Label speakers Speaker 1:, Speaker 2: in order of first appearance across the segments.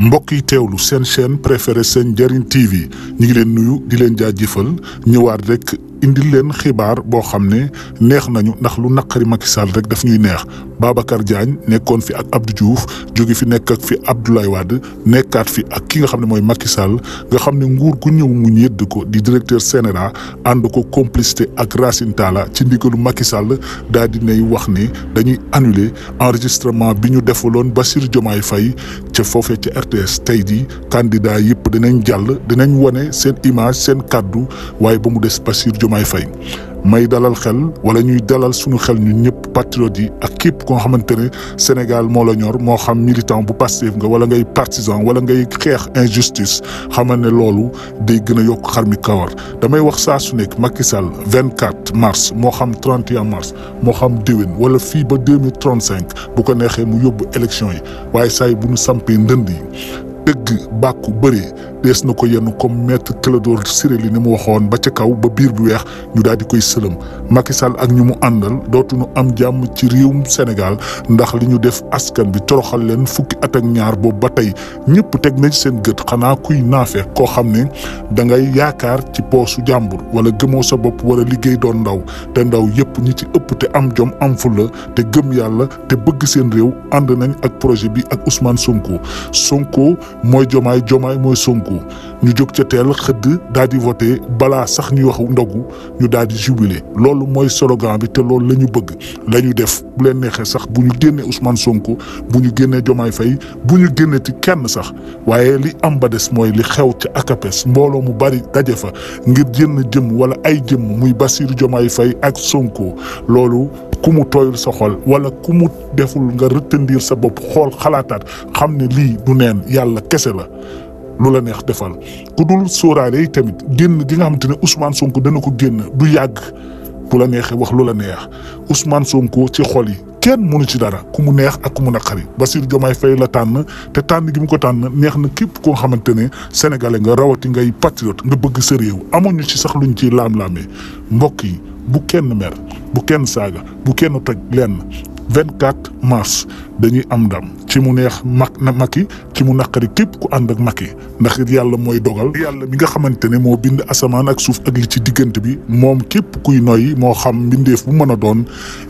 Speaker 1: mbokk yi lu seen chaîne préférée seen njëriñ TV ñu ngi leen nuyu di leen jaajëfal ñëwaat rek indil leen xibaar boo xam ne neex nañu ndax lu naqari Macky Sall rek daf ñuy neex Babacar Diagne nekkoon fi ak Abdou Diouf jóge fi nekk ak fi Abdoulaye Wade nekkaat fi ak ki nga xam ne mooy Macky Sall nga xam ne nguur gu ñëw mu yëdd ko di directeur CNRA ànd ko complicité ak Racine Talla ci ndigalu Macky Sall daal di nay wax ne dañuy annuler enregistrement bi ñu defaloon Bassirou Diomaye fay ca foofee ca RTS tey jii candidat yëpp dinañ jàll dinañ wane seen image seen kàddu waaye ba mu des Bassirou Diomaye fay may dalal xel wala ñuy dalal suñu xel ñun ñëpp patriotes yi ak képp koo xamante ne Sénégal moo la ñor moo xam militant bu passif nga wala ngay partisan wala ngay xeex injustice xamal ne loolu day gën a yokk xar mi kawar damay wax saa su nekk Macky Sall 24 mars moo xam 31 mars moo xam déwén wala fii ba 2035 bu ko neexee mu yóbbu élection yi waaye saa yi bu ñu sampee ndënd yi tëgg bàkku bëree dees na ko yenn comme maître Clédor Ciré Ly ni mu waxoon ba ca kaw ba biir bu weex ñu daal di koy sëlëm Macky Sall ak ñu mu àndal dootuñu am jàmm ci réewum Sénégal ndax li ñu def askan bi toroxal leen fukki at ak ñaar boobu ba tey ñëpp teg nañ seen gët xanaa kuy naafee koo xam ne da ngay yaakaar ci poosu jàmbur wala gëmoo sa bopp wala liggéey doon ndaw te ndaw yëpp ñi ci ëpp te am jom am fulla te gëm yàlla te bëgg seen réew ànd ak projet bi ak Ousmane Sonko mooy jomaay jomaay mooy sonko ñu jóg ca teel xëdd daal di voté balaa sax ñuy wax ndogu ñu daal di jubilé loolu mooy slogan bi te loolu la ñu bëgg la def bu leen neexee sax bu ñu génnee Ousmane Sonko bu ñu génnee jomaay fay bu ñu génnee ci kenn sax waaye li am ba des mooy li xew ca akapes mbooloo mu bari daje fa ngir jënn jëm wala ay jëm muy Bassirou Jomaay Fay ak Sonko loolu ku mu tooyul sa xol wala ku mu deful nga retenir sa bopp xool xalaataat xam ne lii du neen yàlla kese la lu la neex defal ku dul sóoraale yi tamit génn gi nga xamante ne Ousmane Sonko dana ko génn du yàgg bu la neexee wax lu la neex Ousmane Sonko ci xol yi kenn mënu ci dara ku mu neex ak ku mu naqari Bassirou Diomaye Faye la tànn te tànn gi mu ko tànn neex na képp koo xamante ne sénégalais nga rawati ngay patriote nga bëgg sa réew amuñu ci sax luñ ci laam-laamee mbokk yi. bu kenn mer bu kenn saaga bu kenn toj lenn 24 mars dañuy am ndam ci mu neex mak na Macky ci mu naqari képp ku ànd ak Macky ndax it yàlla mooy dogal yàlla mi nga xamante ne moo bind asamaan ak suuf ak li ci diggante bi moom képp kuy noy moo xam mbindeef bu mën a doon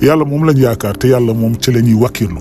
Speaker 1: yàlla moom lañ yaakaar te yàlla moom ci la ñuy wàkkirlu